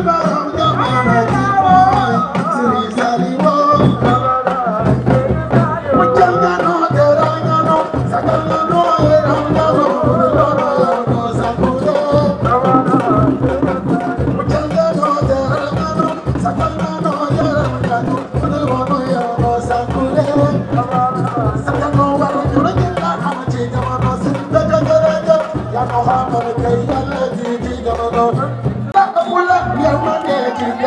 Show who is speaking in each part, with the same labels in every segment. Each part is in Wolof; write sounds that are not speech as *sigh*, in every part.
Speaker 1: about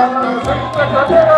Speaker 1: 啊！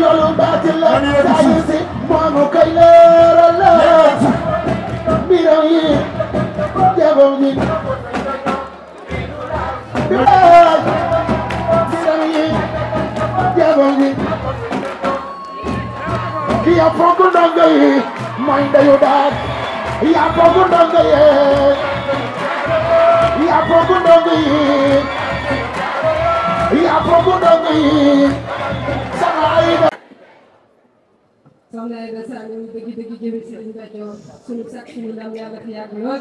Speaker 1: loolu baatil la saa yu si moomu kay la yi jagoom ji bilaay biram yi jagoom ji ki yaa fonk ndongo yi mooy ndeyu daar yaa fonk ndongo yi yaa fonk
Speaker 2: ndongo Mawlaay ba saa ñu dëgg dëgg jëme si dañu bàjjoo suñu sàkk suñu ndam yàlla fi yàgg lool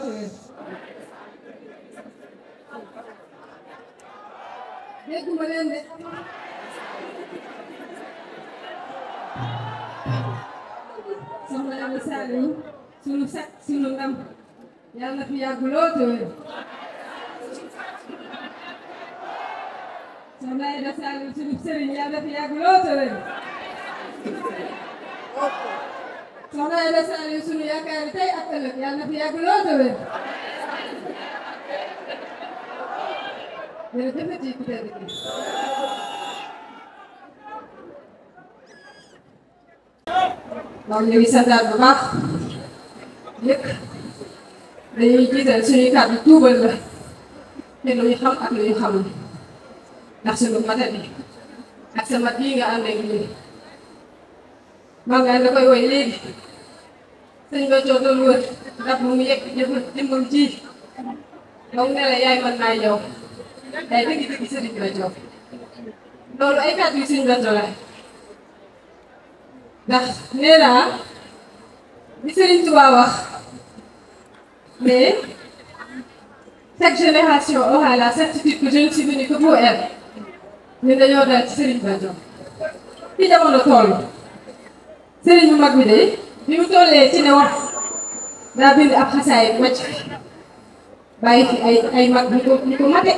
Speaker 2: soxna Aida Saliou sunu yaakaar tey ak ëllëg yàlla na fi yàgg lool te wér. jërëjëf na ci kutéel bi. moom ñu ngi santaat bu baax lépp dañuy jiital suñuy kàddu tuubal la te lu ñu xam ak lu ñu xamul ndax suñu matadi ak sa mat yi nga ànd ak ñun. bao ngày là phải quay lên xin cho cho tôi luôn đặt mông nhẹ nhưng mực tim mông chi không nên là ai mà này rồi đây là cái sự định rồi rồi đâu là ấy cả tùy sinh gần rồi lại đó dạ, nên là đi xin tu vào mais chaque génération aura la certitude que je ne suis venue que pour elle. Nous d'ailleurs, c'est une vision. Évidemment, le temps sëriñ bu mag bi de bi mu tollee ci ne wax daa bind ab xasaay wàcc bàyyi fi ay ay mag ñu ko ñu ko mate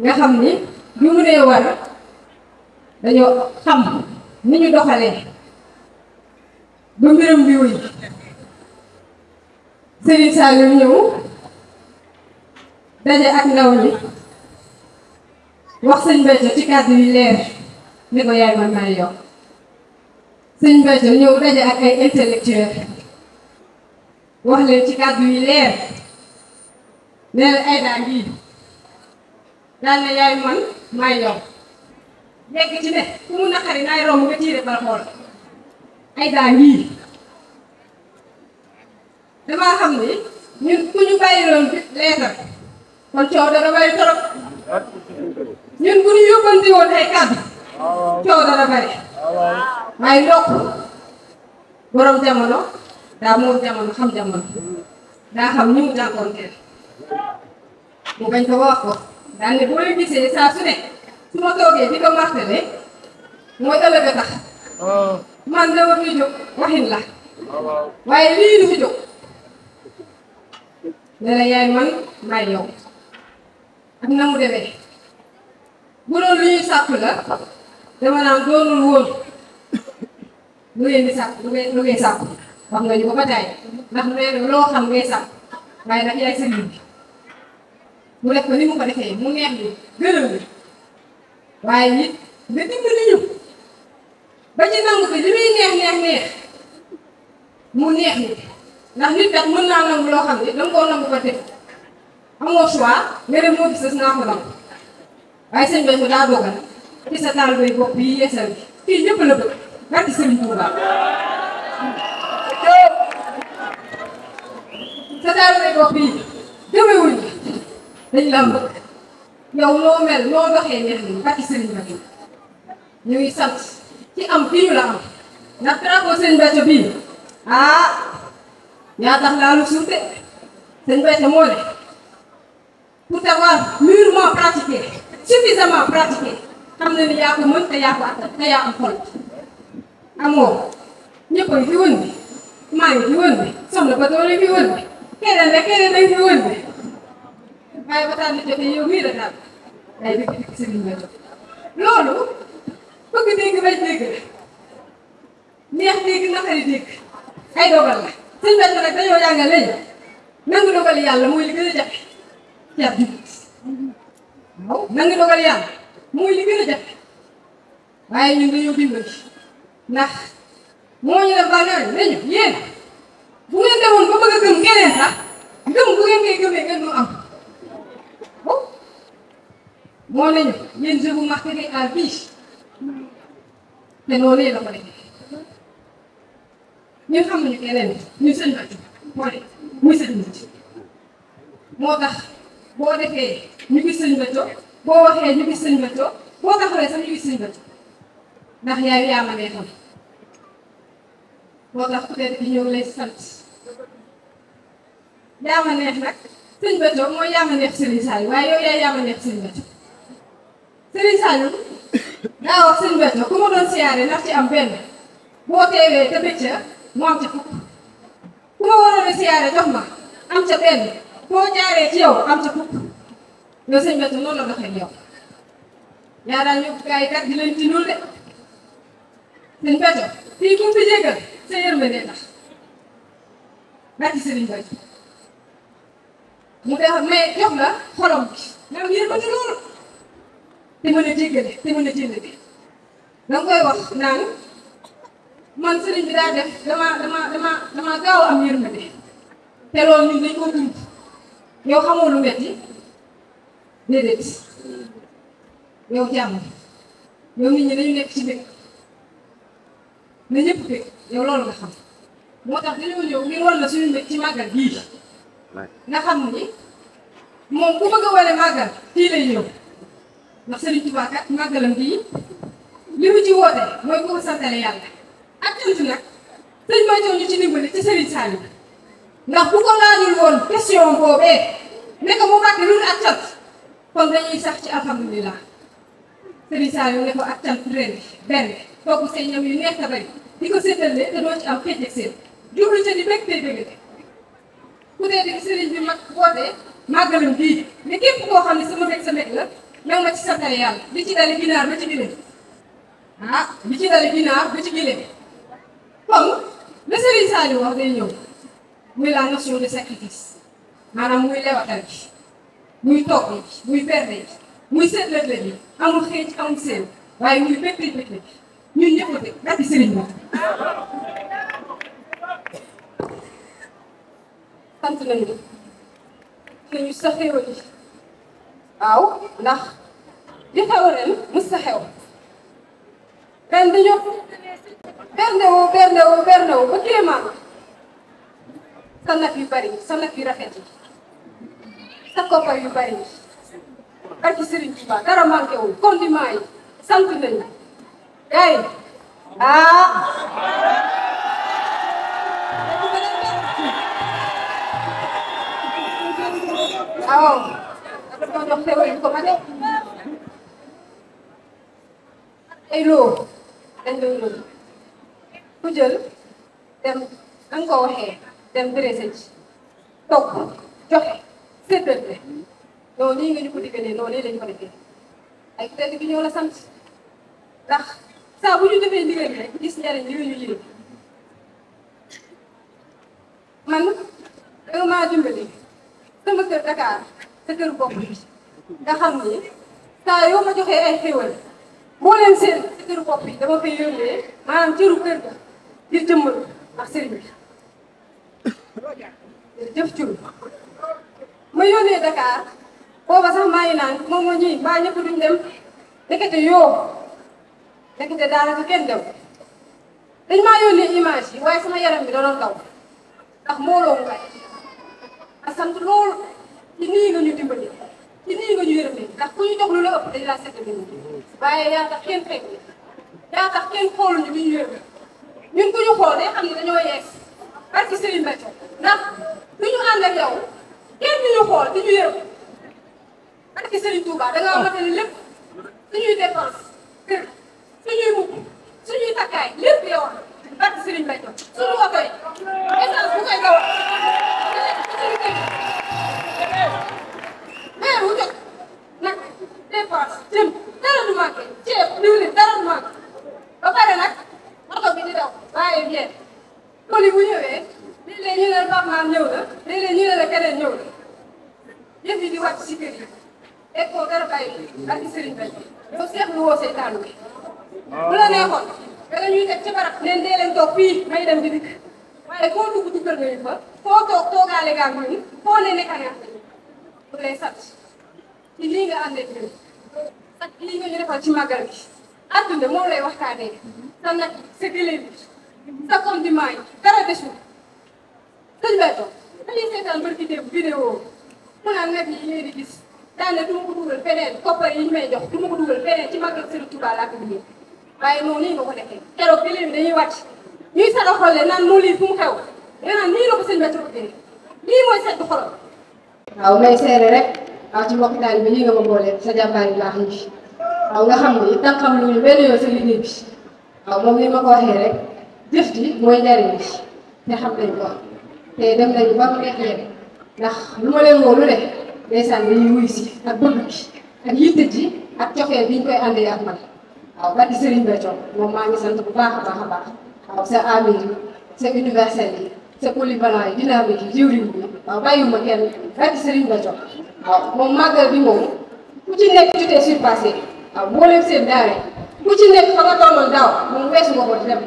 Speaker 2: nga xam ni bi mu nee war dañoo xam ni ñu doxalee ba mbiram bi wuy sëriñ Saliou ñëw daje ak ndaw ñi wax sëñ Béthio ci kàddu yu leer ni ko yaay man naa yokk sëñ Béthio ñëw daje ak ay intellectuel wax leen ci kàddu yi leer nee na Aida ngi ne yaay man may yow yegg ci ne ku mu naqari naay romb nga tiire bala xool Aida ngi damaa xam ni ñun ku ñu bàyyiloon leetar kon coow dana bari torop ñun bu ñu yóbbante woon ay kàddu
Speaker 1: coow dana
Speaker 2: bari waaye ndokk borom jamono daa moom jamono xam jamono daa xam ñu mu jànkoonteel mu bañ ko ba wax ko daan ne boo leen gisee saa su ne su ma toogee di ko martelé mooy ëllëg a tax man la war ñu jóg waxin la waaye lii lu fi man may yow ak na mu bu doon lu sàpp la แต่ว่าเนต้องรู้รู้เวียนศัพทรู้เวรู้เวียนศัพบางเรื่องก็ไม่าใจนักเรียนโลกคำเรื่องสัพไม่ได้ยิ่งหนึ่มุ่เล็กคนที่มุ่งไปเห็นมุ่งนี่ยดีกึ่งไปยิ่งไม่ติดมือ่อยู่ไปยิ่งนั่งไปทจ่มีแง่แง่เนี่ยมุ่งนี่ยดีนักเรียนแต่มุ่งนั่งนั่งโลกคำเวียนต้องก้มนม่งไปท็นห้องอุศวเไื่อดมุ่งที่จะสร้างคนไอ้สิ่งเป็นคนละดวงกัน ci sa taal bay bopp yi yeesal kii ñëpp la bëgg barki Serigne Touba sa taal bay bopp yi jëmewuñ dañ la bëgg yow loo mel loo doxee neex nañ barki Serigne Backe ñu ngi sant ci am fii ñu la am ndax drapeau Serigne Backe bii ah yaa tax laalu suuf de Serigne Backe moo ne pour t'avoir mûrement pratiqué suffisamment pratiqué xam na ni yaa ko mën te yaa ko attan te yaa am xol amoo ñëpp a ngi fi wën bi maa fi wën bi soxna Fatou a ngi fi wën bi keneen rek keneen a ngi fi wën bi waaye ba taal la jotee yow mii la daal day dégg bañ dégg la neex dégg naqari dégg la sëñ Fatou nag dañoo jàngal nangu dogal yàlla mooy li gën a jafe nangu dogal yàlla. mooy li gën jafe waaye ñun dañoo dimbali ndax moo ñu def ba nawet bi dañu yéen bu ngeen demoon ba bëgg a keneen sax gëm bu ngeen koy gëmee ngeen doon am moo nañu yéen je vous marquerai à vie te noonu la ko defee ñun xam nañu keneen ñu seen bàccu moo de muy seen nit moo tax boo defee ñu gis seen bàccu boo waxee ñu gis sëñ Béthio boo taxawee sax ñu gis sëñ Béthio ndax yaay yaa neexal moo tax peut-être bi ñoo lay sant yaa neex nag sëñ Béthio mooy yaa neex Serigne Saliou waaye yow yaay yaa neex sëñ Béthio Serigne Saliou daa wax sëñ Béthio ku doon siyaare ndax ci am benn boo teewee te Béthio mu am ca fukk ku waroon siyaare jox ma am ca benn boo jaaree ci yow am ca fukk nga sëñ Bethio noonu la doxee yow ñaaraan ñu gars yi kat di leen tinul de sëñ Bethio fii ku mu fi jéggal sa yërmande tax bàcc sëriñ mu def mais jox la loolu te mën a jéggale te mën a jëndale da nga koy wax naan man sëriñ bi daa def dama dama dama gaaw am yërmande te loolu ñun dañ ko tuub yow xamoo lu metti déedéet yow jàmm yow nit ñi nañu nekk ci mbir na ñëpp fi yow loolu nga xam moo tax dañoo ñëw ngir war la suñu mbir ci màggal gii nga xam ni moom ku bëgg a wane màggal fii lay ñëw ndax Sëriñ Tuubaa kat màggalam gii li mu ci woote mooy ku ko santale yàlla ak cant nag sëñ Mathieu ñu ci dimbali ci yi Saliou ndax bu ko laajul woon question boobee nekk mu màgg lu ak cant kon dañuy sax ci alhamdulilah Serigne Saliou ne ko ak cant ren benn togg say ñam yu neex a bari di ko séddale te doo ci am xëj ak seen jublu ca di ku dee di Serigne bi mag woote màggalam bii ne képp koo xam ne sama mbég sa mbég la nag ma ci santale yàlla di ci dale ginaar ba ci gileem ah di ci dale ginaar ba ci gileem kon la Serigne Saliou wax day ñëw muy la notion de sacrifice maanaam muy lewatal bi muy toog bi muy perte bi muy seen lële bi amul xeej amul seen waaye muy pétri pétri ñun ñëpp a teg bàtti sëriñ bi. sant nañu te ñu sa xew li waaw ndax li xew ren mës sa xew ren dañoo berndewu berndewu berndewu ba kéemaan sanaf yu bari sanaf yu rafet yi. daf ko fay lu bari barki Serigne Touba dara manqué wul condiment yi sant nañu gay ah
Speaker 1: waaw daf ko jox xewal bu ko ma def
Speaker 2: ay loo dañ lay loo ku jël dem da séddante *laughs* noonu nii nga ñu ko diggalee noonu lañ ko la sant ndax saa bu ñu defee man danga maa dimbali sama kër Dakar sa kër bopp bi nga xam saa yoo ma joxee ay xéwal boo leen seen sa kër bopp bi dama fay yónnee maanaam cëru kër ga ngir jëmmal ndax sëriñ bi ma yónnee Dakar booba sax maa ngi naan moom moo ñii mbaa ñu duñ dem ndekete yoo ndekete daanaka kenn dem dañ maa yónnee image yi waaye sama yaram bi da doon daw ndax mbooloo mu bari ma sant lool ci nii nga ñu dimbali ci nii nga ñu yërëm ndax ku ñu jox lu la ëpp dañ laa sedd bi ñu waaye yaa tax kenn fekk ñu bi ñu yërëm ñu xool dañoo yees barki Serigne ñu ànd ak kenn du ñu xool di ñu yërëm barki Serigne Touba da ngaa matali lépp suñuy dépense kër suñuy mukk suñuy takkaay lépp yow barki Serigne Bacco suñu oto yi essence bu koy dawal yaakaar ni foo leen nekk neex nañu lii nga ànd ak ñun ak ñu defal ci màggal gi àdduna moom lay waxtaanee sa nag sa gëléem bi sa condiment yi dara desul sëñ Beto dañuy seetaan naan nag yi ngeen di gis daanaka du ma ko dugal feneen koppar yi ñu may jox du ko dugal feneen ci màggal Serigne Touba laa ko duggee waaye moom nii nga ko defee keroog gëléem bi dañuy wàcc ñuy saraxolle naan moo lii fu xew nga naan nii la ko sëñ Beto bëggee lii mooy sedd xorom. waaw may seere rek waaw ci mbokk taal bi ñi nga ma boole sa jàmbaar yu baax yi waaw nga xam ni itam xam lu ñu benn yoon sa liggéey bi waaw moom li ma ko waxee rek jëf ji mooy njariñ bi te xam nañ ko te de nañu ba mu neex leen ndax lu ma leen woo lu ne ndeysaan dañuy wuy si ak bëgg bi ak yitte ji ak coxeel bi ñu koy àndee ak moom maa ngi sant bu baax a baax a baax waaw sa amin sa universel yi. sa polyvalent yi a des kenn a de ku ci tu t'es surpassé ku ci dem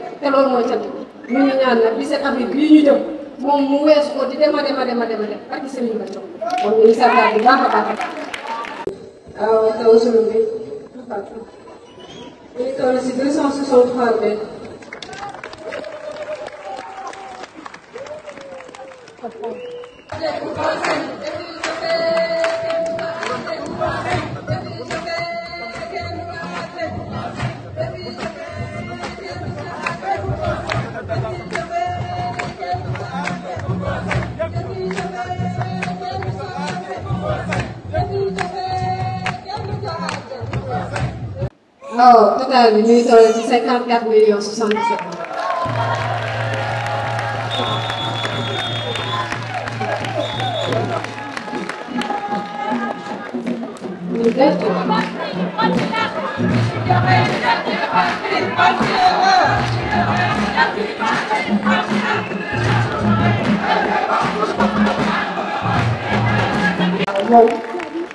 Speaker 2: ñu ñaan 17 avril ñu jëm dem a a a taw Oh, total, ministre du 54 millions moom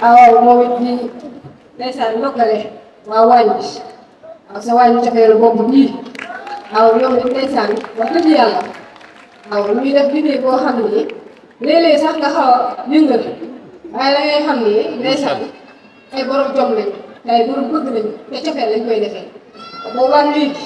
Speaker 2: awa moom it di ndeysaan yokkale waa wàññi waaw sa wàññi cofeelu boobu bii aw ñoom it ndeysaan wax dëgg yàlla aw lu ñuy def liggéey boo xam ni léeg-léeg sax xaw a yëngal waaye da xam ni ndeysaan ay borom jom lañ ay borom bëgg lañ te cofeel lañ koy defee boobaa léegi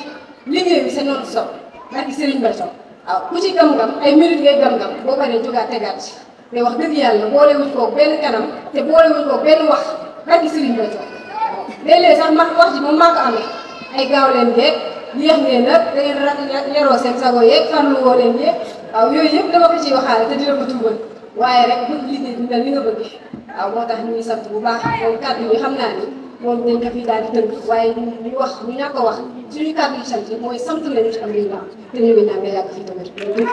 Speaker 2: liggéey bi sa noonu sob barki sëriñ ba sob waaw ci gam-gam ay minute ngay gam-gam boo paree jógaat tegaat ci te wax dëgg yàlla boole wuñ benn kanam te boole wuñ benn wax barki sëriñ ba sob ma wax ji moom maa ko ay gaaw leen yeeg yéex ngeen nag da ngeen rak yaroo seen sago yeeg farlu woo leen yeeg waaw yooyu yëpp dama ko ciy waxaale te dina ko tuubal waaye rek bëgg liggéey bi mel ni nga bëgg aw moo tax ñuy sant bu baax moom kàddu yi xam naa ni moom dañ ko fi daal di waaye ñu wax ñu ñàkk a wax suñu kàddu yi sant mooy sant lañu ci am lii te ñu ngi ñaan nga yàgg fii tamit loolu